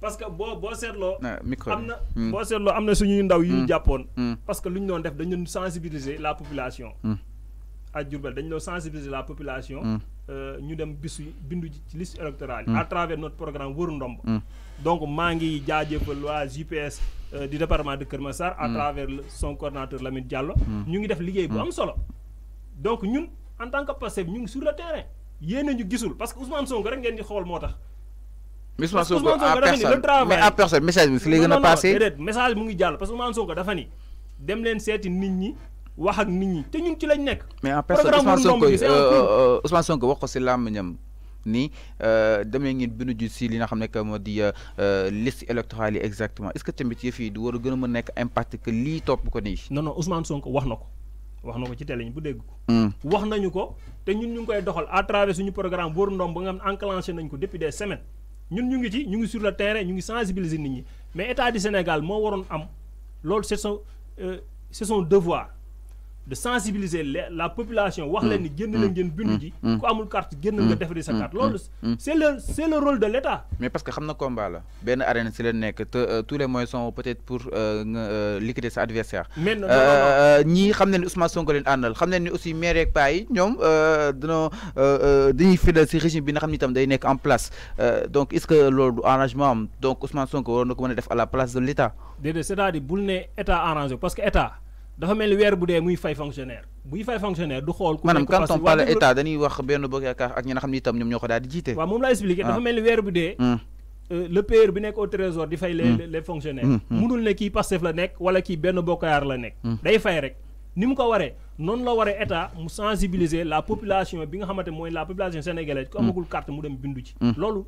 parce que bo bo seetloo. Ah, am bo hmm. boo seetloo am ndaw yu hmm. Japon hmm. parce que lu ñu doon def dañu sensibiliser la population. à Diourbel dañu doon sensibiliser la population. Euh, ñu dem bisu bindu ci liste électorale à travers notre programme wër ndomb. donc maa ngi jaajëfal waa GPS euh, du département de Kër à travers son coordinateur Lamine Diallo. ñu ngi def liggéey bu am solo. donc ñun en tant que passé, ñu ngi sur le terrain. yéen ñu gisul parce que Ousmane Song, rek ngeen di xool moo mais Ousmane Sonko personne mais en personne message bi fi lay gën a message mu ngi jàll parce que Ousmane Sonko dafa ni dem leen seeti nit ñi wax ak nit ñi te ñun ci lañ nekk mais en personne Ousmane Sonko euh, euh, euh, Ousmane Sonko wax ko si làmmiñam ni dem ngeen bindu ji si li nga xam ne que moo liste électorale exactement est ce que tamit yëf yi du war a gën nekk impact que ko non non Ousmane Sonko wax na wax na ci télé ñu bu dégg ko. Hmm. wax nañu ko ñun ñu koy doxal à travers suñu programme Bour Ndom nga nañ ko depuis des semaines ñun ñu ngi ci ñu ngi sur le terrain ñu ngi sensibiliser nit ñi mais état du Sénégal moo waroon am loolu c'est son euh, c'est son devoir de sensibiliser la population wax leen ni mm. génn la mm. ngeen bindu ji mm. ku amul carte génn nga defari sa carte loolu c'est le c'est le rôle de l'État mais parce que xam na combat la benn arène si la nekk te euh, tous les moyens sont peut-être pour euh, nga euh, liquider sa adversaire mais ñii xam ne ni Ousmane Sonko leen àndal xam ni aussi maire yeeg paa yi ñoom dañoo dañuy fidèle si régime bi nga xam ne itam day nekk en place donc est-ce que loolu du arrangement am donc Ousmane Sonko waroon na ko mën a def à la place de l'État déedéet c'est-à-dire bul ne État arrangé parce que État dafa mel ni weer bu dee muy fay fonctionnaire buy fay fonctionnaire du xool. ku nekk parce que maanaam quand on parle état dañuy wax benn bokk yaakaar ak ñi nga xam ni itam ñoom ñoo ko daal di jiite. waaw moom laa expliquer ah. dafa mel ni weer bu dee. Hmm. Euh, le payeur bi nekk au trésor di fay. les hmm. les fonctionnaires. mënul hmm, ne kii Pastef la nekk wala kii benn bokkaar la nekk. day fay rek ni mu ko waree noonu la waree état mu sensibiliser la population bi nga xamante mooy la population sénégalaise. ko amagul carte mu dem bindu ci. loolu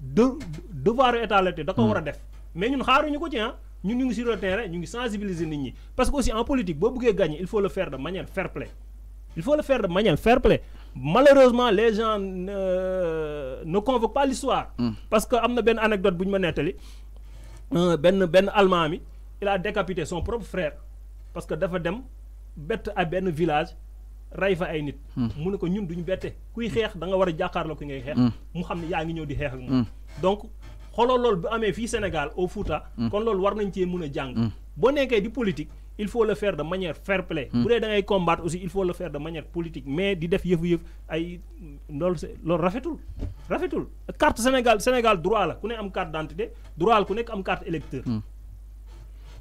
de devoir état la te da ko war a def mais ñun xaaruñu ko ci ah ñun ñu ngi sur le terrain ñu ngi sensibiliser nit ñi parce que aussi en politique boo bëggee gagner il faut le faire de manière fair play il faut le faire de manière fair play malheureusement les gens ne euh, ne convoquent pas l'histoire hmm. parce que am na benn anecdote bu ñu ma nettali euh, benn benn allemand mi il a décapité son propre frère parce que dafa dem bett à benn village rey fa ay nit. Hmm. mu ne ko ñun duñu bette kuy xeex da nga war a jàkkaarloo ki ngay xeex. Hmm. mu xam ne yaa ngi ñëw di xeex ak moom donc xoolal loolu bu amee fii Sénégal au foota. Mm. kon loolu war nañ cee mën a jàng. Mm. boo nekkee di politique il faut le faire de manière fair play. Mm. bu dee da ngay combattre aussi il faut le faire de manière politique mais di def yëfu-yëf ay loolu loolu rafetul. rafetul carte Sénégal Sénégal droit la ku ne am carte d'identité droit la ku nekk am carte électeur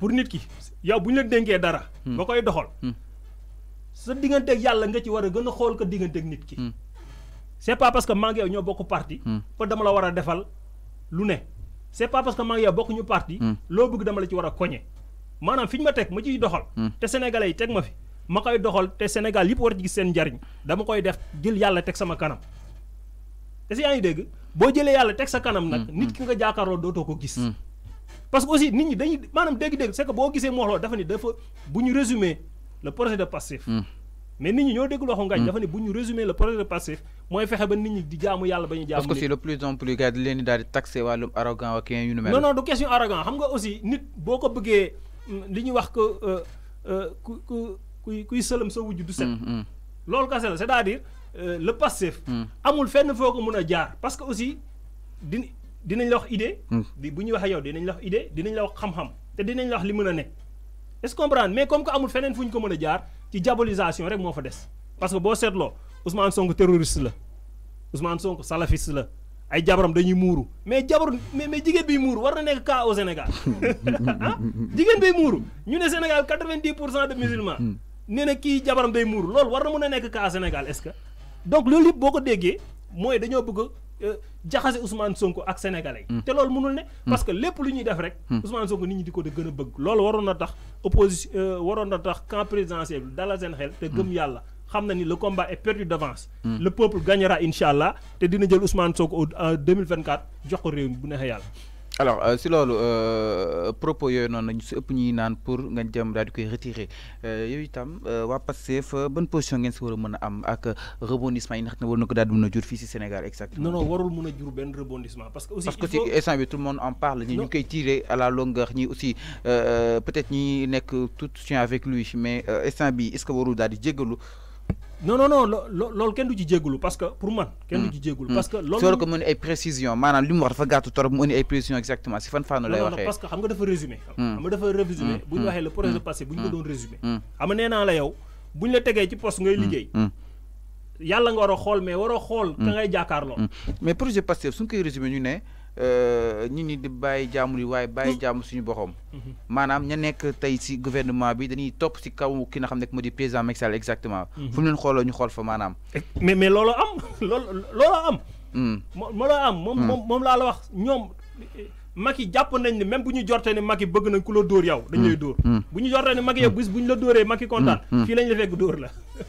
pour nit ki yow bu ñu la dénkee dara. Hmm. nga koy doxal. Hmm. sa digganteeg yàlla nga ci war a gën a xool ko digganteeg nit ki. Hmm. c'est pas parce que maa ñoo bokk parti. ko dama la war a defal lu ne. c'est pas parce que maa bokkuñu parti. loo bëgg dama la ci war a koñe. maanaam fi ñu ma teg ma ciy doxal. te sénégalais teg ma fi. ma koy doxal te Sénégal yëpp war ci gis seen njariñ dama koy def jël yàlla teg sama kanam. te si yaa ngi dégg boo jëlee yàlla teg sa kanam nag. nit ki nga jàkkaarloo dootoo ko gis. parce que aussi nit ñi dañuy maanaam dégg c'est que boo gisee mu dafa ni dafa bu résumer le projet de passif. Hmm. mais nit ñi ñoo dégg waxu ngañ hmm. dafa ni bu le projet de passif, mooy fexe ba nit di parce que c'est le plus en plus gars di leen taxé non non du question arrogant xam nga aussi nit boo ko bëggee mm, li ñuy wax que euh, euh, ku ku kuy sa du set hmm, c'est-à-dire euh, le passif amul fenn parce que aussi dinañ la wax idée. di hmm. bu ñuy wax ak yow dinañ la wax idée dinañ la wax xam-xam te dinañ la wax li mën a nekk. est mais comme que amul feneen fu ñu ko mën a jaar ci diabolisation rek moo fa des parce que boo seetloo Ousmane Sonko terroriste la Ousmane Sonko salafiste la ay jabaram dañuy muuru mais jabar mais mais jigéen biy muuru war na nekk cas au Sénégal ah jigéen biy muuru ñu ne Sénégal quatre-vingt-dix pour cent de musulmans. Hmm. nee kii jabaram day muuru lool war na mën a nekk cas Sénégal est-ce que donc loolu yëpp boo ko déggee mooy dañoo bëgg Euh, jaxase Ousmane Sonko ak sénégalais yi. Mm. te loolu mënul ne. Mm. parce que lépp lu ñuy def rek. Mm. Ousmane Sonko nit ñi di ko di gën a bëgg. loolu waroon na tax opposition euh, waroon na tax camp présidentiel dans la seen xel. te gëm yàlla xam na ni le combat est perdu d'avance. le peuple gagnera incha allah te dina jël Ousmane Sonko en 2024 jox ko réew mi bu neexee yàlla alors euh, si loolu euh, propos yooyu non, nañu si ëpp ñuy naan pour nga jëm daal di koy retirer euh, yooyu itam waa Pastef ban position ngeen si war a mën a am ak rebondissement yi nga xam ne war na ko daal di mën a Sénégal exactement. non non warul mën a jur benn rebondissement. parce que aussi parce que si instant bi tout le monde en parle. ñi ñu koy tirer à la longueur ñi aussi peut-être ñi nekk tout de avec lui mais instant bi est-ce que warul daal di jéggalu non non non lo loolu kenn du ci jéggulu parce que pour man. kenn du mm. ci jéggulu parce que mm. loolu. soo ko mën ay précision maanaam li mu wax dafa gàttu torop mu indi ay précision exactement si fan faanu lay waxee. parce que xam nga dafa résumé. Mm. xam nga dafa résumé. bu ñu waxee le projet passé bu ñu ko doon résumé. xam nga nee naa la yow bu ñu la tegee ci poste ngay liggéey. yàlla nga war a xool mais war a xool. ka ngay jàkkaarloo. mais projet passé suñ koy résumé ñu ne. Euh, nit ñi di bàyyi jaamu yi waaye bàyyi jàmm suñu borom. Mm-hmm. maanaam ña nekk tey si gouvernement bi dañuy topp si kaw ki na xam ne moo di président Macky Sall exactement. Mm-hmm. fu mu leen xooloo ñu xool fa maanaam. Eh, mais mais looloo am loolu looloo mm. am. moom looloo am. Mm. moom moom moom laa la wax ñoom. Eh, yi jàpp nañ ne même bu ñu jortee ne Macky bëgg nañ ku la dóor yow. dañ mm. lay dóor. bu ñu jortee ne mag yow bis bu ñu la dóoree Macky kontaan. fii lañ la fekk dóor la.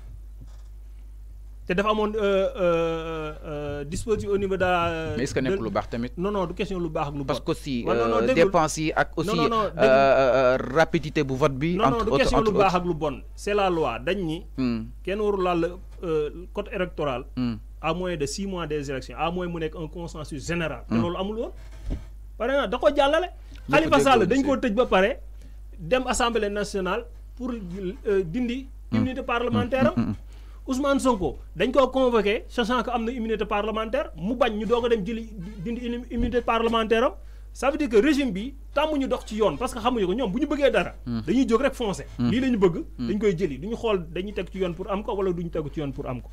y dafa un euh, euh, euh, dispositif au niveau de la. mais est-ce que non non question parce que aussi aussi rapidité pour vote non non du question de la ak c'est la loi dañ hmm. code électoral. Hmm. à moins de six mois des élections à moins mon un consensus général. Hmm. par exemple nationale pour dindi. immunité parlementaire Ousmane Sonko dañ koo convoqué sachant que am na immunité parlementaire mu bañ ñu doog a dem jëli dindi immunité parlementaire am ça veut dire que régime bi tàmmuñu dox ci yoon parce que xamuñu ko ñoom bu ñu bëggee dara. Hmm. dañuy jóg rek foncé. Hmm. lii la bëgg. Hmm. dañ koy jëli duñu xool dañu teg ci yoon pour am ko wala duñu ñu tegu ci yoon pour am ko.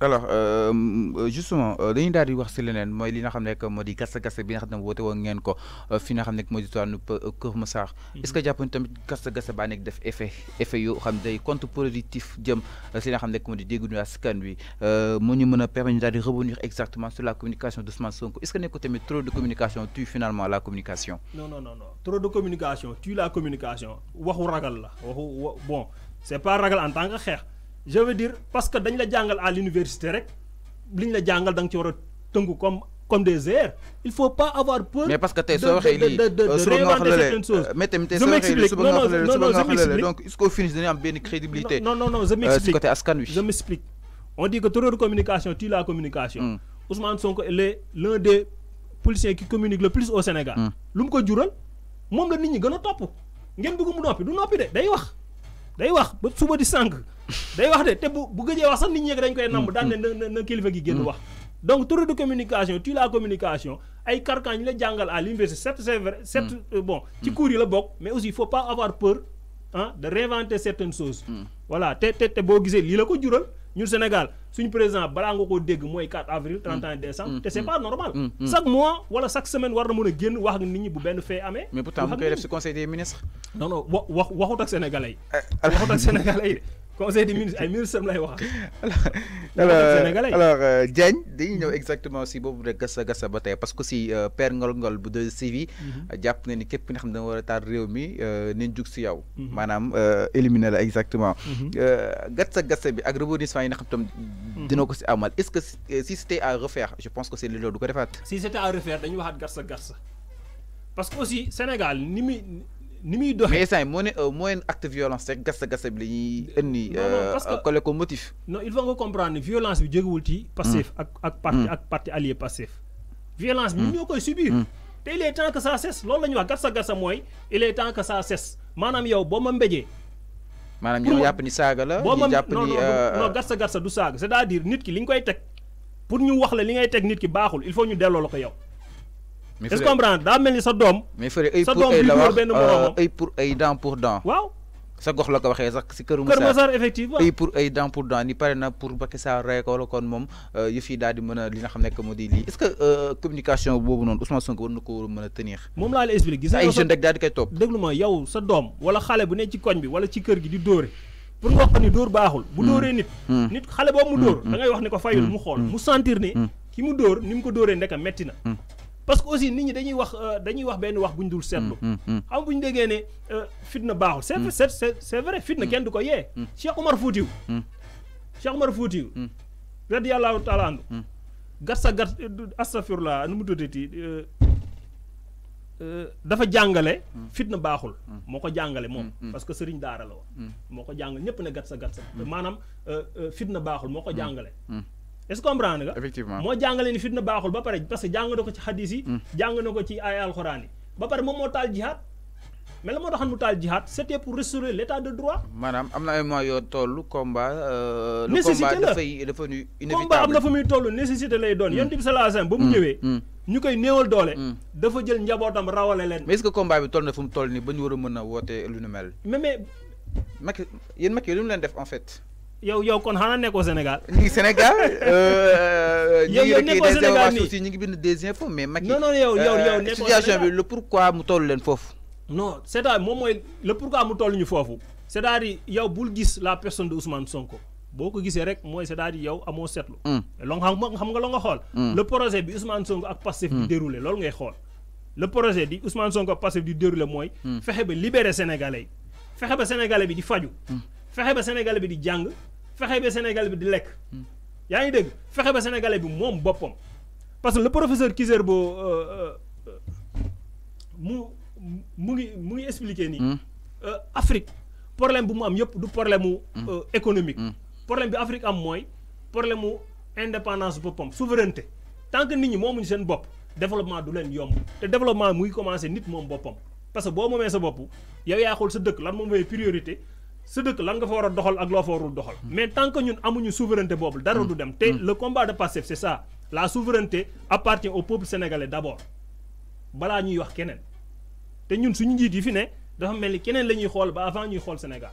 alors euh, euh, justement euh, dañuy daal di wax si leneen mooy li nga xam ne moo di gasa gasa bi nga xam ne woote woon ngeen ko fi nga xam ne moo di toanu mhm. est-ce que jàpp tamit gasa gasa baa nekk def effet effet yu xam de day contre-productif jëm si nga xam ne moo di dégg ñu askan wi moo ñu mën a ñu daal di exactement sur la communication d'Ousmane Sonko est-ce que nekk ko tamit trop de communication tue finalement la communication. non non non non. trop de communication tue la communication waxu ragal la waxu bon c'est pas ragal en tant que xeex je veux dire parce que dañ la jangal à l'université rek liñ la jangal dang ci wara teungu comme comme des airs il faut pas avoir peur. mais parce que tay so waxe li suba nga wax lële euh, mais tamit tey soo waxee lii suba nga wax lële suba nga wax lële finish dañuy am benn crédibilité. non non non je euh, m'explique côté askan je m'explique on dit que terreur communication tue la communication. Hmm. Ousmane Sonko est l'un des policiers qui communique le plus au Sénégal. Hmm. lu ko jural mom la nit ñi gëna top topp ngeen bëgg mu nopi du nopi de day wax day wax ba suba di sang day wax de te bu bu wax sax nit ñi dañ koy namb mm-hmm. daan ne na na kilifa gi génn mm-hmm. wax. donc tour de communication tu la communication ay carcan la jangal à l'université certes c'est vrai certes bon ci mm-hmm. cours yi la bok mais aussi il faut pas avoir peur hein de réinventer certaines choses voilà te te te boo gisee lii la ko jural ñun Sénégal suñu président barango nga koo dégg mooy 4 avril 31 mm. décembre. Mm. te n'est mm. pas normal. chaque mois wala chaque semaine war na mën a génn wax ak nit ñi bu benn fait mais pourtant vous koy def si conseil des ministres. non non wa waxut ak sénégalais yi. Euh, waxut ak sénégalais conseil des ministres ay ministres lay wax. alors alors Diagne dañuy ñëw exactement si boobu rek gasa gasa ba parce que si père ngol-ngol bu de civi jàpp na ni képp ki xam ne war a réew mi éliminer la exactement. bi ak rebondissement yi nga xam tam. dina ko si amal est-ce que si c'était à refaire je pense que c'est loolu du ko si c'était à refaire dañuy gasa gasa parce que aussi Sénégal ni ni muy doxee mais ça moo ne euh, moo acte violence rek gasa gasa bi la ñuy indi. parce euh, collé ko motif. non il faut nga comprendre violence bi jógewul ci. passif hmm. ak ak parti hmm. ak parti allié passif. violence bi hmm. ñoo koy subir. té il est temps que ça cesse loolu la ñuy wax gasa gasa moy il est temps que ça cesse manam yow bo ma mbéjee. manam ñoo jàpp ni saga la. ñu japp ni non euh, non gasa gasa du saga c'est-à-dire nit ki li ñu koy tek pour ñu wax la li ngay tek nit ki baxul il faut ñu délo la ko yow est ce que comprendre daa mel ni sa doom. sa doom bi góor benn moromam mais euh, œil pour œil dent pour dent. waaw. sa gokh la ko waxe sax ci keur Moussa Kër effectivement œil pour ay dent pour dent ni pare na pour Macky Sall rey ko wala kon moom euh, yu fii dal di meuna li nga xamné ne modi li. est ce que euh communication bobu non Ousmane Sonko war na meuna tenir. Mom laa la expliquer gis nga ay jeunes rek daal di koy top. Deglu ma yow sa dom wala xalé bu ne ci koñ bi wala ci keur gi di doré. pour nga wax ko ni baaxul. bu hmm. doré nit. Hmm. nit xalé bo mu dóor. Hmm. da ngay wax ni ko fayul mu xol mu sentir ni. ki mu dóor nim ko doré ndeka metti na parce que aussi nit ñi dañuy wax euh, dañuy wax benn wax bu ñu dul seetlu. Mm, mm, mm. xam bu ñu déggee ne euh, fitna baaxul. c'est c'est c'est vrai fitna kenn du ko yee. Cheikh Omar Foutiou. Cheikh Omar Foutiou. radiyallahu taala anhu. gat sa gat euh, astafirullah nu mu tuddati dafa jàngale. fitna baaxul. moo ko jàngale moom. parce que sëriñ daara la woon. moo ko jàngale ñëpp ne gat sa gat sa. maanaam fitna baaxul moo ko jàngale. est-ce que comprendre nga. effectivement ne jàngale ni fitna baxul ba pare parce que jàng nako ci xadis yi. Hmm. je ci ay ba pare mo mais la mo mu tal c'était pour restaurer l'état de droit. Madame, Amna ay moyens yoo tollu combat. Euh, combat la dafay le inévitable combat amna tollu nécessité lay donne hmm. mu hmm. ñukay neewal dafa jël njabootam rawale mais est-ce que combat bi toll fu toll ni bañ mais mais. en fait yo, yo kon xanaa nekkoo Sénégal. Ni Sénégal. Yo, yo, euh, euh, yow nekkoo Sénégal nii ñi ngi bind des infos mais. Macky non non yo yo yo euh, nekkoo situation bi le pourquoi mu toll len fofu non c'est à dire le pourquoi mu toll ñu fofu c'est à dire yow bul gis la personne de Ousmane Sonko boko ko rek moi c'est à dire yow amo setlu hmm. long xam xam nga lo nga xol hmm. le projet bi Ousmane Sonko ak Pastef di hmm. déroulé loolu ngay xol le projet di Ousmane Sonko ak Pastef di déroulé moy fexé ba libérer sénégalais fexé ba sénégalais bi di faju fexé ba sénégalais bi di jang fexe ba Sénégal bi di lek yaa ngi dégg fexe ba sénégalais bi moom boppam parce que le professeur Kizerbo euh, euh, mu mu ngi mu ngi expliqué nii. Hmm. Euh, Afrique problème bu mu am yëpp du problème hmm. économique. Hmm. problème bi Afrique am mooy problème mu indépendance boppam souveraineté tant que nit ñi moomuñu seen bopp développement du leen yomb te développement muy commencé nit moom boppam parce que boo moomee sa bopp yow yaa xool sa dëkk lan moom mooy priorité cest dëkk lan nga fa wara doxal ak lo fa warul doxal. Hmm. mais tant que ñun amuñu souveraineté bobu dara du hmm. dem té hmm. le combat de passif, c'est ça la souveraineté appartient au peuple sénégalais d'abord bala ñuy wax kenen té ñun suñu njit yi fi né dafa melni kenen lañuy xol ba avant ñuy xol Sénégal.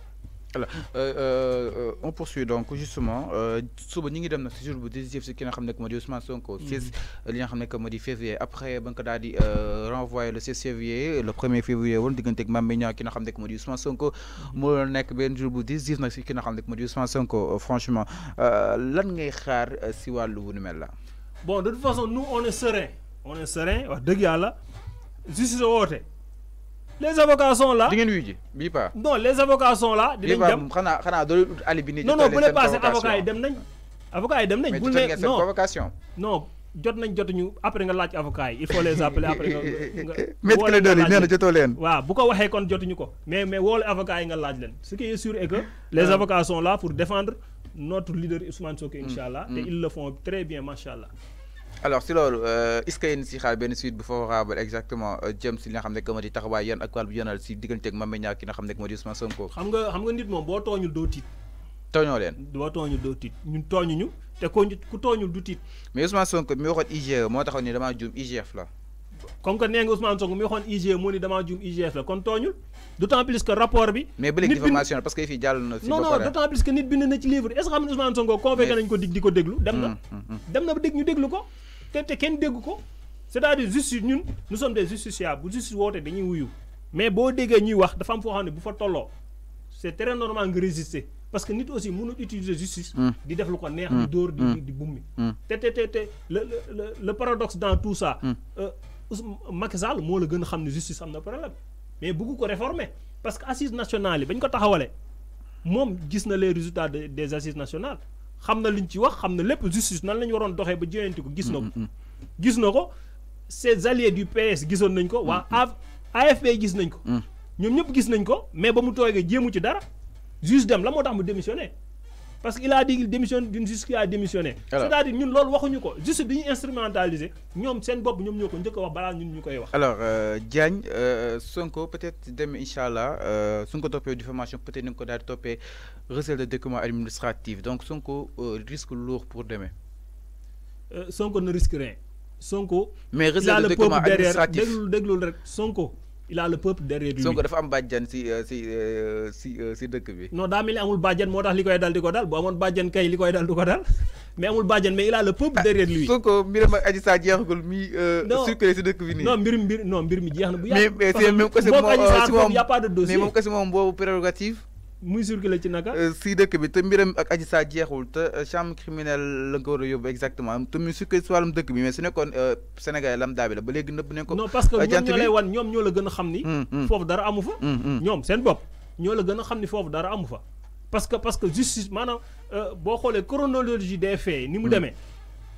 Euh, euh, euh, on poursuit donc justement suba ñu ngi dem le si jour bu décisif si ki nga xam Ousmane Sonko. Mm-hmm. li février après ba le 6 février le 1er février on dit un qui ki xam Ousmane Sonko. Mm-hmm. décisif ki xam Ousmane Sonko franchement lan ngay xaar vous wu bon de toute façon nous on est serein on est serein wax dëgg yàlla justice woote les avocats sont là. di ngeen wuyu ji bii pas. non les avocats sont là. dinañ dem bii pas xanaa xanaa doole ali bi. non non bu ne passé avocats yi dem nañ. avocat yi dem nañ bu ne non convocation. non jot nañ jotuñu après nga laaj avocat. yi il faut les appeler après nga. nga woo leen nga nee na jotoo leen. waaw bu ko waxee kon jotuñu ko mais mais woole avocats yi nga laaj leen ce qui est sûr est que. les ah. avocats sont là pour défendre notre leader Ousmane Sonko inshallah, mm. mm. et ils le font très bien macha alors si loolu euh, est-ce que yéen si xaar benn suite bu favorable exactement euh, jëm si li nga xamné ne que moo di taxawaay yan ak wàll bu ci si digganteeg Mame Niang ki nga xamné ne que moo Ousmane Sonko. xam nga xam nga nit moom boo tooñul doo tiit. tooñoo leen. boo tooñul doo tiit ñun ñu te ko nit ku tooñul du tit mais Ousmane Sonko mi waxoon IGE mo taxaw ni dama joom IGF la. comme que nee Ousmane Sonko mi waxoon IGE mo ni dama joom IGF la kon tooñul d'autant plus que rapport bi. mais ba léegi diffamation parce que fi jàll na. si non non d'autant plus que nit bind na ci livre est-ce que xam Ousmane Sonko convoqué nañ ko dig diko déglu dem na mm, mm, mm. dem na ba dégg ñu déglu ko te te kenn dégg ko c'est-à-dire justice ñun nous sommes des justiciables bu justice woote dañuy wuyu mais boo déggee ñuy wax dafa am foo xam ne bu fa tolloo c'est très normal nga résister parce que nit aussi mënul utiliser justice. Hmm. di def lu ko neex. Hmm. di dóor di hmm. di bummi. te te te te le le le paradoxe dans tout ça. Euh, Macky Sall moo la gën a xam ne justice am na problème mais bëgg ko réformer parce que assises nationales yi bañ ko taxawalee moom gis na les résultats des assises nationales. xam na liñ ci wax xam na lépp justice nan la ñu waroon doxee ba jëyanti ko gis na ko mm, mm, mm. gis na ko ses alliés du PS gisoon nañ ko waa AFP gis nañ ko ñoom ñëpp gis nañ ko mais ba mu toogee jéemu ci dara juge dem la moo tax mu démissionné parce qu'il a dit qu'il démissionne d'une justice qui a démissionné. c'est-à-dire ñun loolu waxuñu ko juste de ñu instrumentaliser avons dit que nous avons dit que Nous avons balaa ñun ñu koy wax. alors euh, Diagne euh, Sonko peut-être Inch'Allah, inshallah. euh, topé topé formation formation, peut-être nous avons topé recel de documents administratifs donc Sonko euh, risque lourd pour demain. Sonko ne risque rien Sonko. mais recel de documents administratifs il le derrière Sonko. il a le peuple derrière lui. Sonko dafa am bàjjan si euh, si euh, si euh, si dëkk bi. no daa mel amul bàjjan moo tax li koy dal di ko dal bu amoon bàjjan kay li koy dal du ko dal mais amul bàjjan mais il a le peuple ah, derrière lui. Sonko mbiram ak Adji Sarr jeexagul mi. non circulé si dëkk bi nii. no mbir mbir non mbir mi jeex na. bu yàgg mais c'est même que si moom si moom mais moom que si moom boobu prérogative. muy circulé ci naka. Euh, si dëkk bi te mbiram ak Adji sa jeexul te euh, chambre criminelle la ko war a yóbbu exactement te mu si wàllum dëkk bi mais si nekkoon euh, Sénégal lambda bi la ba léegi nëbb nañ ko. non parce que ñoom ñoo ñoo la gën a xam ni. Mm, mm. foofu dara amu fa. Mm, ñoom seen bopp ñoo la gën a xam ni foofu dara amu fa. parce que parce que justice maanaam boo xoolee chronologie des faits ni mu demee.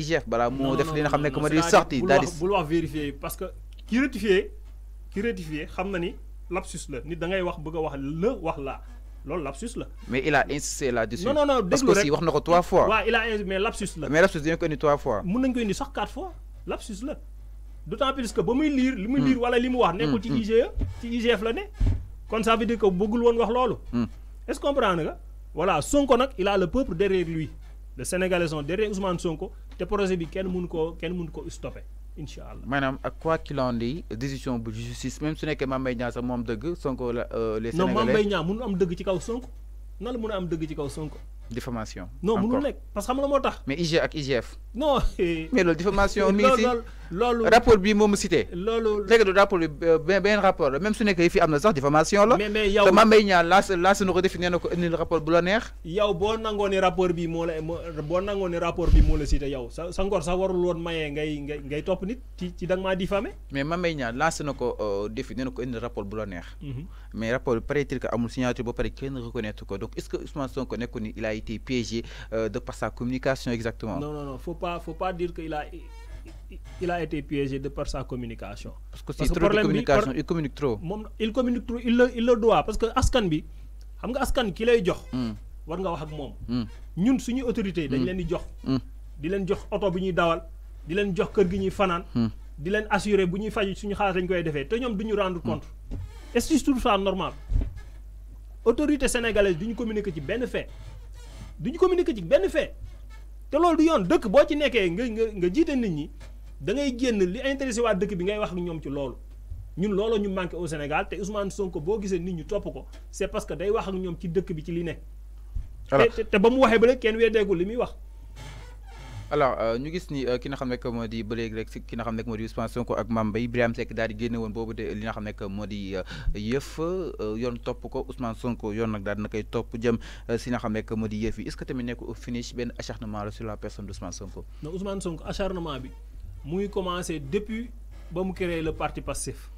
IGF bala mo def parce que qui qui lapsus lapsus mais il a insisté là-dessus. non non non parce que si wax trois fois. il a mais lapsus mais lapsus trois fois. ko quatre fois lapsus plus que ba muy lire lire hmm. wala hmm, ci hmm. ci ça veut dire que est ce comprendre nga voilà Sonko il a le peuple derrière lui les Sénégalais sont derrière Ousmane Sonko te projet bi kenn mënu ko kenn mënu ko stoppé inshallah manam ak quoi qu'il en dit décision bu justice même su nekkee Mame Mbaye Niang mom deug Sonko la euh, les. Sénégalais non Mame Mbaye Niang am deug ci kaw Sonko nan la am deug ci kaw Sonko. diffamation. non mënul nek parce que xam nga motax mais IG ak IGF. non mais lol diffamation. mi ngi si loolu rapport bi moom cité. loolu léegi do rapport bi euh, ben, ben rapport même su nek fii am na sax diffamation la. mais mais yow te Mame Mbaye Niang laas laas na ko def nee ko indil rapport bu la neex. yow bo nangoo ni rapport bi mo la bo nangoo ni rapport bi mo la cité yow sa sa ngor sax warul won mayee ngay ngay top nit ci ci da nga diffamer mais Mame Mbaye Niang laas na ko euh, défi nee na ko indil rapport bu la neex. Mhm. mais rapport bi paraît que amul signature ba paré kenn reconnaître ko donc est-ce que Ousmane Sonko nekkoon il a été piégé euh, de par sa communication exactement. non non non faut pas faut pas dire que il a. il a été piégé de par sa communication. parce que c'est trop de communication il communique trop. moom il communique trop il le il le doit parce que askan bi xam nga askan ki lay jox. Hmm. war nga wax ak moom. Hmm. ñun suñu autorité yi dañ hmm. leen di jox. di leen jox auto bi ñuy dawal di leen jox kër gi ñuy fanaan. di leen assurer bu ñuy faj suñu xaalis lañ koy defee te ñom duñu rendre compte. est-ce que tout ça normal autorité sénégalaise duñu communiquer ci ben fait duñu communiquer ci ben fait te lolou du yoon dëkk bo ci nekké nga nga jité nit ñi. da ngay génn li intéressé waa dëkk bi ngay wax ak ñoom ci loolu ñun looloo ñu manqué au Sénégal te Ousmane Sonko boo gisee nit ñu topp ko c'est parce que day wax ak ñoom ci dëkk bi ci li ne. te te ba mu waxee ba léegi kenn weddeegul li muy wax. alors euh, ñu gis ni euh, ki nga xam nekk moo di ba léegi rek ki nga xam nekk moo di Ousmane Sonko ak Mame Mbaye Birame Seck daal di génne woon boobu de li nga xam nekk moo di euh, yëf yoon topp ko Ousmane Sonko yoon nag daal dina koy topp jëm si nga xam nekk moo di yëf yi est je commence depuis que créé le parti passif.